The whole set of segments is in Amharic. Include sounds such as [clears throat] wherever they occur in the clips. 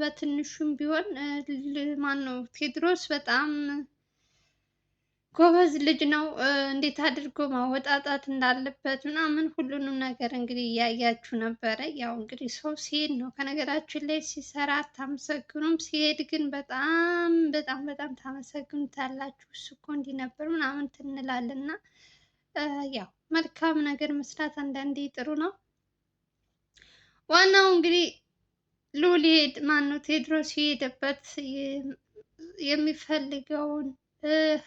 በትንሹም ቢሆን ማን ነው ቴዎድሮስ በጣም ጎበዝ ልጅ ነው። እንዴት አድርጎ ማወጣጣት እንዳለበት ምናምን ሁሉንም ነገር እንግዲህ እያያችሁ ነበረ። ያው እንግዲህ ሰው ሲሄድ ነው ከነገራችን ላይ ሲሰራ አታመሰግኑም፣ ሲሄድ ግን በጣም በጣም በጣም ታመሰግኑታላችሁ። እሱ እኮ እንዲህ ነበር ምናምን ትንላልና ያው መልካም ነገር መስራት አንዳንዴ ጥሩ ነው። ዋናው እንግዲህ ሉሊ ማነው ቴድሮስ የሄደበት የሚፈልገውን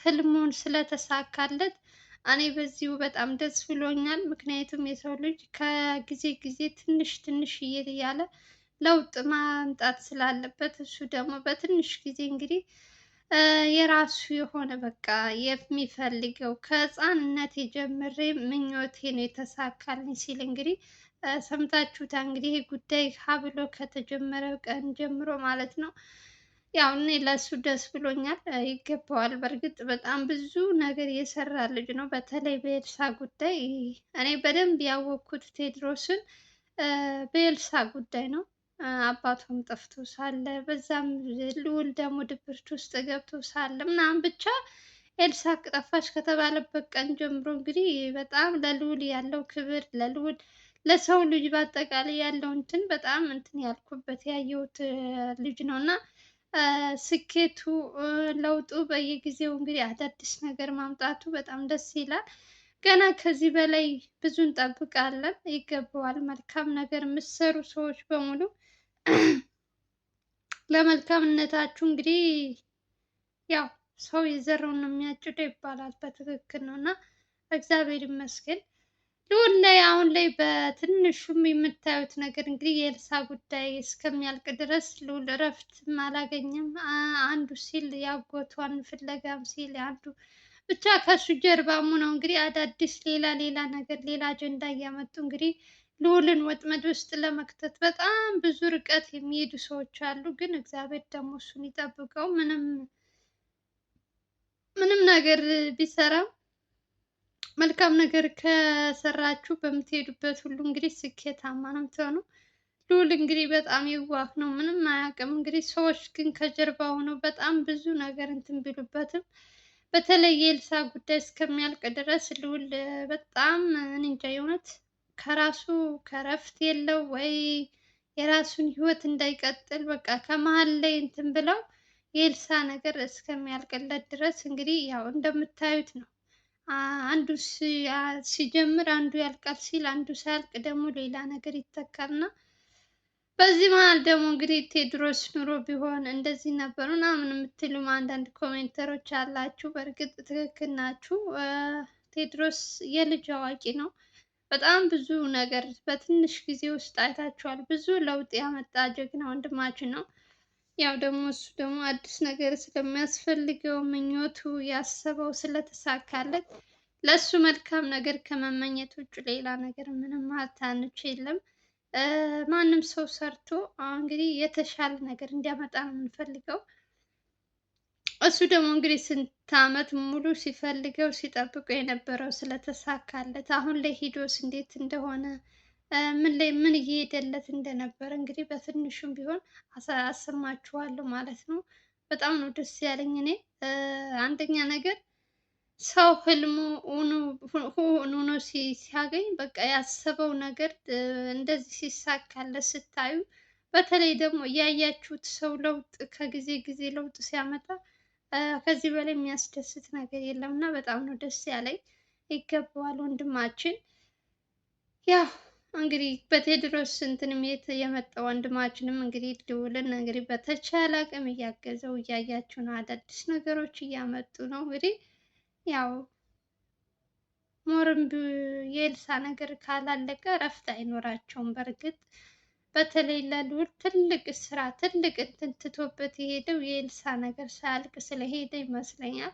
ህልሙን ስለተሳካለት እኔ በዚሁ በጣም ደስ ብሎኛል። ምክንያቱም የሰው ልጅ ከጊዜ ጊዜ ትንሽ ትንሽ እያለ ለውጥ ማምጣት ስላለበት እሱ ደግሞ በትንሽ ጊዜ እንግዲህ የራሱ የሆነ በቃ የሚፈልገው ከህፃንነት ጀምሬ ምኞቴ ነው የተሳካልኝ ሲል እንግዲህ ሰምታችሁታ እንግዲህ ይህ ጉዳይ ብሎ ከተጀመረ ቀን ጀምሮ ማለት ነው። ያው እኔ ለሱ ደስ ብሎኛል። ይገባዋል። በእርግጥ በጣም ብዙ ነገር የሰራ ልጅ ነው። በተለይ በኤልሳ ጉዳይ እኔ በደንብ ያወቅኩት ቴድሮስን በኤልሳ ጉዳይ ነው። አባቷም ጠፍቶ ሳለ በዛም ልውል ደግሞ ድብርት ውስጥ ገብቶ ሳለ ምናምን ብቻ ኤልሳ ጠፋች ከተባለበት ቀን ጀምሮ እንግዲህ በጣም ለልውል ያለው ክብር ለልውል ለሰው ልጅ በአጠቃላይ ያለው እንትን በጣም እንትን ያልኩበት ያየሁት ልጅ ነው እና ስኬቱ ለውጡ በየጊዜው እንግዲህ አዳዲስ ነገር ማምጣቱ በጣም ደስ ይላል። ገና ከዚህ በላይ ብዙ እንጠብቃለን። ይገባዋል። መልካም ነገር የምትሰሩ ሰዎች በሙሉ [clears throat] ለመልካምነታችሁ እንግዲህ ያው ሰው የዘራውን ነው የሚያጭደው ይባላል። በትክክል ነው እና እግዚአብሔር ይመስገን። ልዑል ላይ አሁን ላይ በትንሹም የምታዩት ነገር እንግዲህ የኤልሳ ጉዳይ እስከሚያልቅ ድረስ ልዑል እረፍትም አላገኘም። አንዱ ሲል የአጎቷን ፍለጋም ሲል አንዱ ብቻ ከሱ ጀርባሙ ነው እንግዲህ አዳዲስ ሌላ ሌላ ነገር ሌላ አጀንዳ እያመጡ እንግዲህ ልዑልን ወጥመድ ውስጥ ለመክተት በጣም ብዙ ርቀት የሚሄዱ ሰዎች አሉ። ግን እግዚአብሔር ደግሞ እሱን ይጠብቀው ምንም ምንም ነገር ቢሰራም መልካም ነገር ከሰራችሁ በምትሄዱበት ሁሉ እንግዲህ ስኬታማ ነው ምትሆነው ልዑል እንግዲህ በጣም የዋህ ነው፣ ምንም አያውቅም። እንግዲህ ሰዎች ግን ከጀርባ ሆነው በጣም ብዙ ነገር እንትን ቢሉበትም በተለይ የኤልሳ ጉዳይ እስከሚያልቅ ድረስ ልዑል በጣም እንጃ የሆነት ከራሱ ከረፍት የለው ወይ የራሱን ህይወት እንዳይቀጥል በቃ ከመሀል ላይ እንትን ብለው የኤልሳ ነገር እስከሚያልቅለት ድረስ እንግዲህ ያው እንደምታዩት ነው። አንዱ ሲጀምር አንዱ ያልቃል ሲል አንዱ ሳያልቅ ደግሞ ሌላ ነገር ይተካል በዚህ መሀል ደግሞ እንግዲህ ቴዎድሮስ ኑሮ ቢሆን እንደዚህ ነበሩ ምናምን የምትሉም አንዳንድ ኮሜንተሮች አላችሁ። በእርግጥ ትክክል ናችሁ። ቴዎድሮስ የልጅ አዋቂ ነው። በጣም ብዙ ነገር በትንሽ ጊዜ ውስጥ አይታችኋል። ብዙ ለውጥ ያመጣ ጀግና ወንድማችን ነው። ያው ደግሞ እሱ ደግሞ አዲስ ነገር ስለሚያስፈልገው ምኞቱ ያሰበው ስለተሳካለት ለእሱ መልካም ነገር ከመመኘት ውጭ ሌላ ነገር ምንም ማለት የለም። ማንም ሰው ሰርቶ እንግዲህ የተሻለ ነገር እንዲያመጣ ነው የምንፈልገው። እሱ ደግሞ እንግዲህ ስንት ዓመት ሙሉ ሲፈልገው ሲጠብቀው የነበረው ስለተሳካለት አሁን ላይ ሂዶስ እንዴት እንደሆነ ምን ላይ ምን እየሄደለት እንደነበረ እንግዲህ በትንሹም ቢሆን አሰማችኋለሁ ማለት ነው። በጣም ነው ደስ ያለኝ። እኔ አንደኛ ነገር ሰው ህልሙ ሆኖ ሲያገኝ በቃ ያሰበው ነገር እንደዚህ ሲሳካለት ስታዩ፣ በተለይ ደግሞ እያያችሁት ሰው ለውጥ ከጊዜ ጊዜ ለውጥ ሲያመጣ ከዚህ በላይ የሚያስደስት ነገር የለም እና በጣም ነው ደስ ያለኝ። ይገባዋል ወንድማችን ያው እንግዲህ በቴድሮስ እንትንም የመጣ ወንድማችንም እንግዲህ ልውልን እንግዲህ በተቻለ አቅም እያገዘው እያያችሁ ነው። አዳዲስ ነገሮች እያመጡ ነው። እንግዲህ ያው ሞርም የኤልሳ ነገር ካላለቀ እረፍት አይኖራቸውም። በእርግጥ በተለይ ለልውል ትልቅ ስራ ትልቅ እንትን ትቶበት የሄደው የኤልሳ ነገር ሳያልቅ ስለሄደ ይመስለኛል።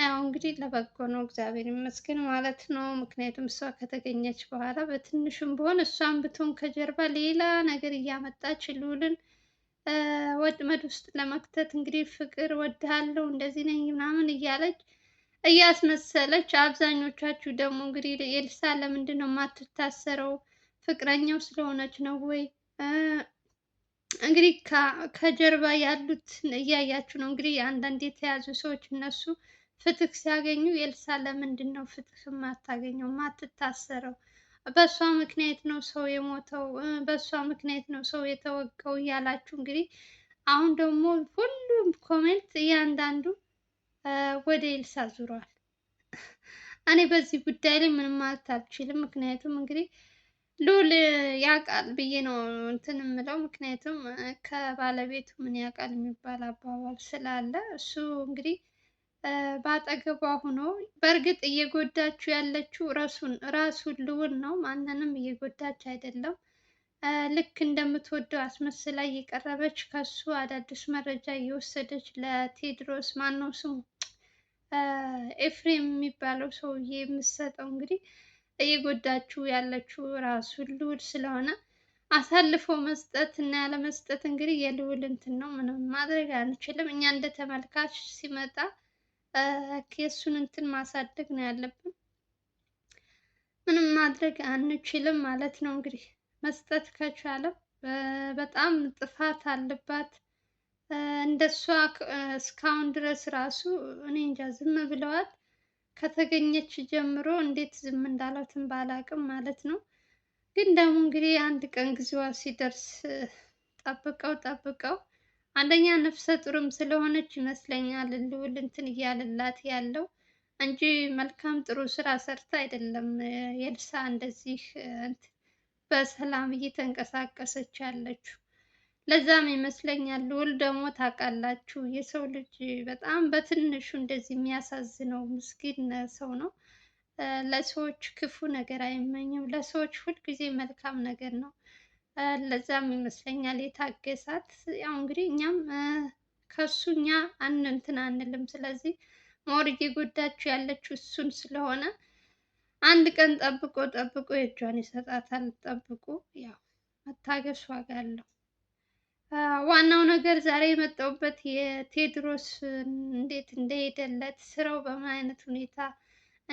ያው እንግዲህ ለበጎ ነው፣ እግዚአብሔር ይመስገን ማለት ነው። ምክንያቱም እሷ ከተገኘች በኋላ በትንሹም ቢሆን እሷን ብትሆን ከጀርባ ሌላ ነገር እያመጣች ልዑልን ወጥመድ ውስጥ ለመክተት እንግዲህ ፍቅር ወድሃለሁ እንደዚህ ነኝ ምናምን እያለች እያስመሰለች፣ አብዛኞቻችሁ ደግሞ እንግዲህ ኤልሳ ለምንድን ነው የማትታሰረው? ፍቅረኛው ስለሆነች ነው ወይ? እንግዲህ ከጀርባ ያሉት እያያችሁ ነው። እንግዲህ አንዳንድ የተያዙ ሰዎች እነሱ ፍትህ ሲያገኙ ኤልሳ ለምንድን ነው ፍትህ የማታገኘው? ማትታሰረው? በእሷ ምክንያት ነው ሰው የሞተው፣ በእሷ ምክንያት ነው ሰው የተወጋው እያላችሁ እንግዲህ አሁን ደግሞ ሁሉም ኮሜንት እያንዳንዱ ወደ ኤልሳ ዙሯል። እኔ በዚህ ጉዳይ ላይ ምንም ማለት አልችልም። ምክንያቱም እንግዲህ ሉል ያውቃል ብዬ ነው እንትን የምለው። ምክንያቱም ከባለቤቱ ምን ያውቃል የሚባል አባባል ስላለ እሱ እንግዲህ በአጠገቧ ሆኖ በእርግጥ እየጎዳችው ያለችው ራሱን ራሱን ልውል ነው። ማንንም እየጎዳች አይደለም። ልክ እንደምትወደው አስመስላ እየቀረበች ከሱ አዳዲስ መረጃ እየወሰደች ለቴድሮስ ማነው ስሙ ኤፍሬም የሚባለው ሰውዬ የምትሰጠው እንግዲህ እየጎዳችው ያለችው ራሱን ልውል ስለሆነ አሳልፎ መስጠት እና ያለመስጠት እንግዲህ የልውል እንትን ነው። ምንም ማድረግ አንችልም። እኛ እንደ ተመልካች ሲመጣ የእሱን እንትን ማሳደግ ነው ያለብን። ምንም ማድረግ አንችልም ማለት ነው እንግዲህ መስጠት ከቻለም በጣም ጥፋት አለባት። እንደሷ እስካሁን ድረስ ራሱ እኔ እንጃ ዝም ብለዋት ከተገኘች ጀምሮ እንዴት ዝም እንዳሏትን ባላቅም ማለት ነው። ግን ደግሞ እንግዲህ አንድ ቀን ጊዜዋ ሲደርስ ጠብቀው ጠብቀው አንደኛ ነፍሰ ጡርም ስለሆነች ይመስለኛል ልውል እንትን እያለላት ያለው እንጂ መልካም ጥሩ ስራ ሰርታ አይደለም። ኤልሳ እንደዚህ በሰላም እየተንቀሳቀሰች ያለችው ለዛም ይመስለኛል። ልዑል ደግሞ ታውቃላችሁ የሰው ልጅ በጣም በትንሹ እንደዚህ የሚያሳዝነው ምስኪን ሰው ነው። ለሰዎች ክፉ ነገር አይመኝም። ለሰዎች ሁልጊዜ መልካም ነገር ነው ለዛም ይመስለኛል የታገሳት። ያው እንግዲህ እኛም ከሱ እኛ እንትን አንልም። ስለዚህ ሞር እየጎዳችሁ ያለችው እሱን ስለሆነ አንድ ቀን ጠብቆ ጠብቆ የእጇን ይሰጣታል። ጠብቆ ያው መታገሱ ዋጋ አለው። ዋናው ነገር ዛሬ የመጣሁበት የቴድሮስ እንዴት እንደሄደለት ስራው በምን አይነት ሁኔታ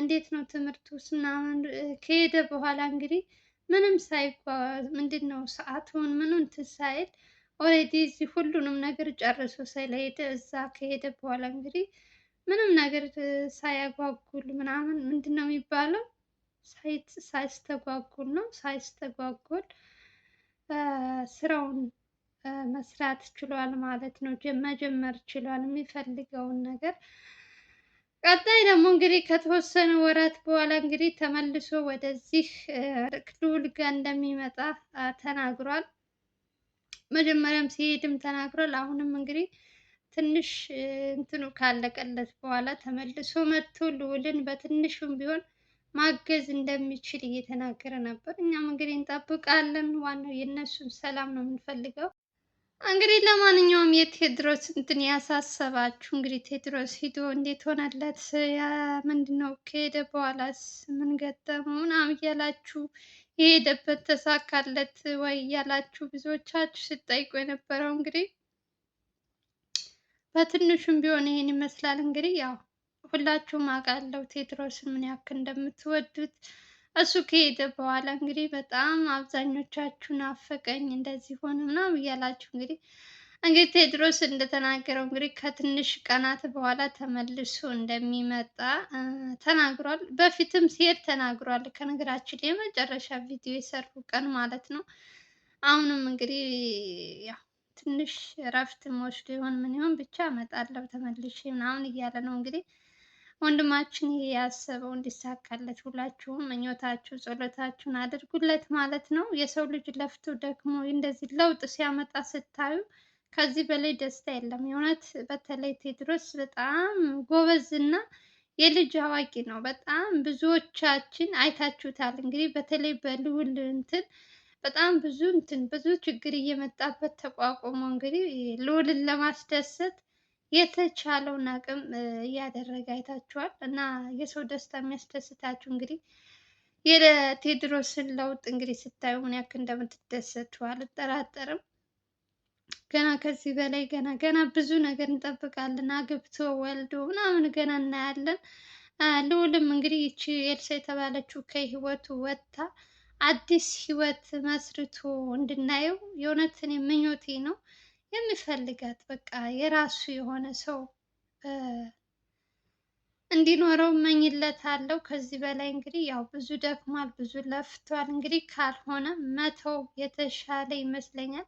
እንዴት ነው ትምህርቱ ምናምን ከሄደ በኋላ እንግዲህ ምንም ሳይባዝ ምንድን ነው ሰዓቱን ምኑን እንትን ኦልሬዲ እዚህ ሁሉንም ነገር ጨርሶ ስለሄደ እዛ ከሄደ በኋላ እንግዲህ ምንም ነገር ሳያጓጉል ምናምን ምንድን ነው የሚባለው ሳይስተጓጉል ነው። ሳይስተጓጉል ስራውን መስራት ችሏል ማለት ነው። መጀመር ችሏል የሚፈልገውን ነገር ቀጣይ ደግሞ እንግዲህ ከተወሰነ ወራት በኋላ እንግዲህ ተመልሶ ወደዚህ ልዑል ጋር እንደሚመጣ ተናግሯል። መጀመሪያም ሲሄድም ተናግሯል። አሁንም እንግዲህ ትንሽ እንትኑ ካለቀለት በኋላ ተመልሶ መጥቶ ልዑልን በትንሹም ቢሆን ማገዝ እንደሚችል እየተናገረ ነበር። እኛም እንግዲህ እንጠብቃለን። ዋናው የእነሱን ሰላም ነው የምንፈልገው። እንግዲህ ለማንኛውም የቴድሮስ እንትን ያሳሰባችሁ እንግዲህ ቴድሮስ ሂዶ እንዴት ሆነለት ምንድነው ከሄደ በኋላስ ምን ገጠመው ምናምን እያላችሁ የሄደበት ተሳካለት ወይ እያላችሁ ብዙዎቻችሁ ስጠይቁ የነበረው እንግዲህ በትንሹም ቢሆን ይሄን ይመስላል። እንግዲህ ያው ሁላችሁም አውቃለሁ ቴድሮስን ምን ያክል እንደምትወዱት እሱ ከሄደ በኋላ እንግዲህ በጣም አብዛኞቻችሁ ናፈቀኝ እንደዚህ ሆነ ምናምን እያላችሁ እንግዲህ እንግዲህ ቴድሮስ እንደተናገረው እንግዲህ ከትንሽ ቀናት በኋላ ተመልሶ እንደሚመጣ ተናግሯል። በፊትም ሲሄድ ተናግሯል። ከነገራችን ላይ የመጨረሻ ቪዲዮ የሰሩ ቀን ማለት ነው። አሁንም እንግዲህ ያው ትንሽ እረፍት መውሰድ ይሆን ምን ይሆን ብቻ እመጣለሁ ተመልሼ ምናምን እያለ ነው እንግዲህ ወንድማችን ይሄ ያሰበው እንዲሳካለት ሁላችሁም ምኞታችሁ ጸሎታችሁን አድርጉለት ማለት ነው። የሰው ልጅ ለፍቶ ደክሞ እንደዚህ ለውጥ ሲያመጣ ስታዩ ከዚህ በላይ ደስታ የለም። የእውነት በተለይ ቴድሮስ በጣም ጎበዝ እና የልጅ አዋቂ ነው። በጣም ብዙዎቻችን አይታችሁታል። እንግዲህ በተለይ በልውል እንትን በጣም ብዙ እንትን ብዙ ችግር እየመጣበት ተቋቁሞ እንግዲህ ልውልን ለማስደሰት የተቻለውን አቅም እያደረገ አይታችኋል። እና የሰው ደስታ የሚያስደስታችሁ እንግዲህ የቴዎድሮስን ለውጥ እንግዲህ ስታዩ ምን ያክል እንደምትደሰቱ አልጠራጠርም። ገና ከዚህ በላይ ገና ገና ብዙ ነገር እንጠብቃለን። አግብቶ ወልዶ ምናምን ገና እናያለን። ልዑልም እንግዲህ ይቺ ኤልሳ የተባለችው ከህይወቱ ወጥታ አዲስ ህይወት መስርቶ እንድናየው የእውነትን ምኞቴ ነው። የሚፈልጋት በቃ የራሱ የሆነ ሰው እንዲኖረው መኝለት አለው ከዚህ በላይ እንግዲህ ያው ብዙ ደክሟል፣ ብዙ ለፍቷል። እንግዲህ ካልሆነ መተው የተሻለ ይመስለኛል።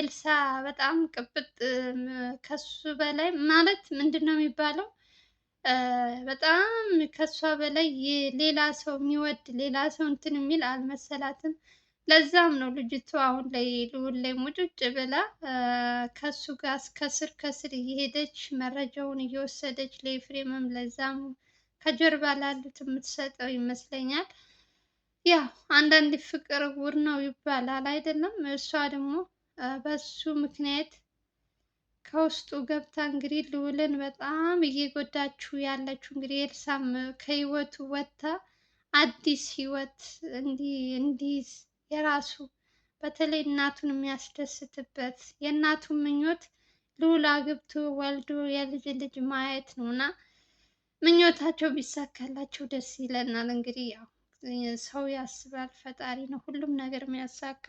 ኤልሳ በጣም ቅብጥ ከሱ በላይ ማለት ምንድን ነው የሚባለው? በጣም ከሷ በላይ ሌላ ሰው የሚወድ ሌላ ሰው እንትን የሚል አልመሰላትም። ለዛም ነው ልጅቷ አሁን ላይ ልውል ላይ ሙጭጭ ብላ ከሱ ጋር ከስር ከስር እየሄደች መረጃውን እየወሰደች ለኤፍሬምም ለዛም ከጀርባ ላሉት የምትሰጠው ይመስለኛል። ያው አንዳንድ ፍቅር ውር ነው ይባላል አይደለም? እሷ ደግሞ በሱ ምክንያት ከውስጡ ገብታ እንግዲህ ልውልን በጣም እየጎዳችው ያለችው እንግዲህ ኤልሳም ከህይወቱ ወጥታ አዲስ ህይወት እንዲይዝ የራሱ በተለይ እናቱን የሚያስደስትበት የእናቱ ምኞት ልዑል አግብቶ ወልዶ የልጅ ልጅ ማየት ነው እና ምኞታቸው ቢሳካላቸው ደስ ይለናል። እንግዲህ ያው ሰው ያስባል፣ ፈጣሪ ነው ሁሉም ነገር የሚያሳካ።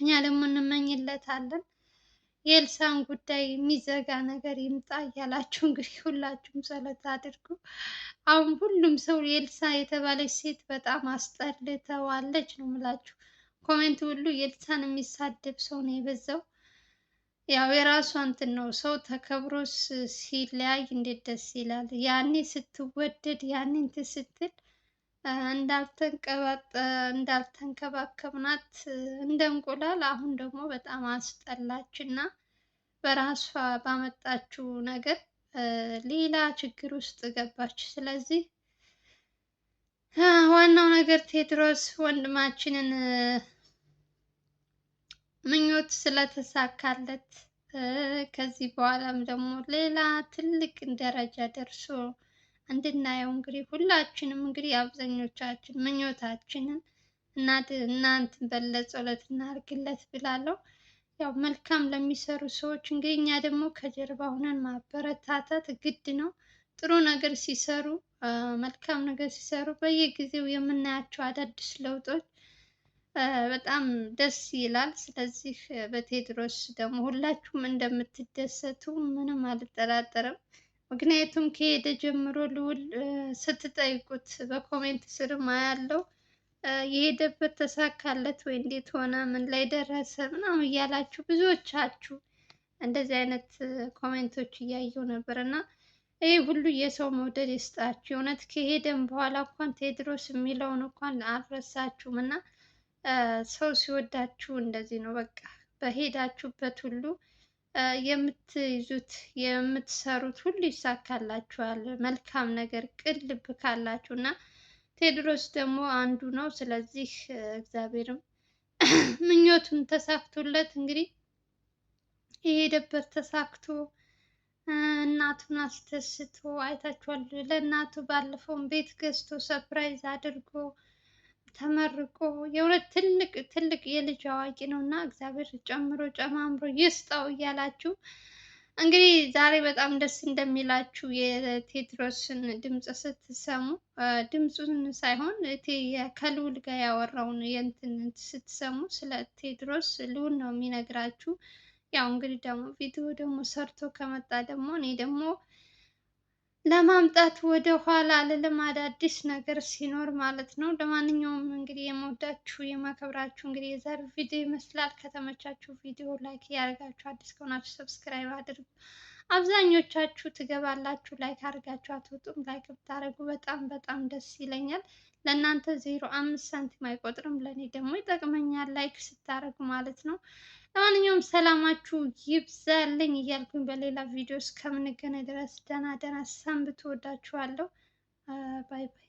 እኛ ደግሞ እንመኝለታለን። የኤልሳን ጉዳይ የሚዘጋ ነገር ይምጣ እያላችሁ እንግዲህ ሁላችሁም ጸሎት አድርጉ። አሁን ሁሉም ሰው የኤልሳ የተባለች ሴት በጣም አስጠልተዋለች ነው የምላችሁ። ኮሜንት ሁሉ የኤልሳን የሚሳደብ ሰው ነው የበዛው። ያው የራሷ እንትን ነው። ሰው ተከብሮ ሲለያይ እንዴት ደስ ይላል! ያኔ ስትወደድ ያኔ እንትን ስትል እንዳልተንከባከብናት እንደ እንቁላል አሁን ደግሞ በጣም አስጠላች እና በራሷ ባመጣችው ነገር ሌላ ችግር ውስጥ ገባች። ስለዚህ ዋናው ነገር ቴድሮስ ወንድማችንን ምኞት ስለተሳካለት ከዚህ በኋላም ደግሞ ሌላ ትልቅ ደረጃ ደርሶ እንድናየው እንግዲህ ሁላችንም እንግዲህ አብዛኞቻችን ምኞታችንን እናት እናንት በለጸለት እናርግለት ብላለው። ያው መልካም ለሚሰሩ ሰዎች እንግዲህ እኛ ደግሞ ከጀርባ ሆነን ማበረታታት ግድ ነው። ጥሩ ነገር ሲሰሩ መልካም ነገር ሲሰሩ በየጊዜው የምናያቸው አዳዲስ ለውጦች በጣም ደስ ይላል። ስለዚህ በቴድሮስ ደግሞ ሁላችሁም እንደምትደሰቱ ምንም አልጠራጠርም። ምክንያቱም ከሄደ ጀምሮ ልዑል ስትጠይቁት በኮሜንት ስር አያለው የሄደበት ተሳካለት ወይ እንዴት ሆነ ምን ላይ ደረሰ ምናምን እያላችሁ ብዙዎቻችሁ እንደዚህ አይነት ኮሜንቶች እያየው ነበር እና ይህ ሁሉ የሰው መውደድ ይስጣችሁ። የእውነት ከሄደም በኋላ እንኳን ቴዎድሮስ የሚለውን እንኳን አልረሳችሁም እና ሰው ሲወዳችሁ እንደዚህ ነው። በቃ በሄዳችሁበት ሁሉ የምትይዙት የምትሰሩት ሁሉ ይሳካላችኋል። መልካም ነገር ቅልብ ካላችሁ እና ቴዎድሮስ ደግሞ አንዱ ነው። ስለዚህ እግዚአብሔርም [clears throat] ምኞቱን ተሳክቶለት እንግዲህ የሄደበት ተሳክቶ እናቱን አስደስቶ አይታችኋል። ለእናቱ ባለፈውን ቤት ገዝቶ ሰፕራይዝ አድርጎ ተመርቆ የእውነት ትልቅ ትልቅ የልጅ አዋቂ ነው እና እግዚአብሔር ጨምሮ ጨማምሮ ይስጠው እያላችሁ እንግዲህ ዛሬ በጣም ደስ እንደሚላችሁ የቴድሮስን ድምፅ ስትሰሙ ድምፁን ሳይሆን ከልዑል ጋር ያወራውን የእንትን ስትሰሙ ስለ ቴድሮስ ልዑል ነው የሚነግራችሁ። ያው እንግዲህ ደግሞ ቪዲዮ ደግሞ ሰርቶ ከመጣ ደግሞ እኔ ደግሞ ለማምጣት ወደ ኋላ አልልም። አዳዲስ ነገር ሲኖር ማለት ነው። ለማንኛውም እንግዲህ የምወዳችሁ የማከብራችሁ እንግዲህ የዛሬ ቪዲዮ ይመስላል። ከተመቻችሁ ቪዲዮ ላይክ እያደረጋችሁ አዲስ ከሆናችሁ ሰብስክራይብ አድርጉ። አብዛኞቻችሁ ትገባላችሁ ላይክ አድርጋችሁ አትወጡም። ላይክ ብታደርጉ በጣም በጣም ደስ ይለኛል። ለእናንተ ዜሮ አምስት ሳንቲም አይቆጥርም፣ ለእኔ ደግሞ ይጠቅመኛል ላይክ ስታደርጉ ማለት ነው። ለማንኛውም ሰላማችሁ ይብዛልኝ እያልኩኝ በሌላ ቪዲዮ እስከምንገናኝ ድረስ ደህና ደህና ሰንብት። ወዳችኋለሁ። ባይ ባይ።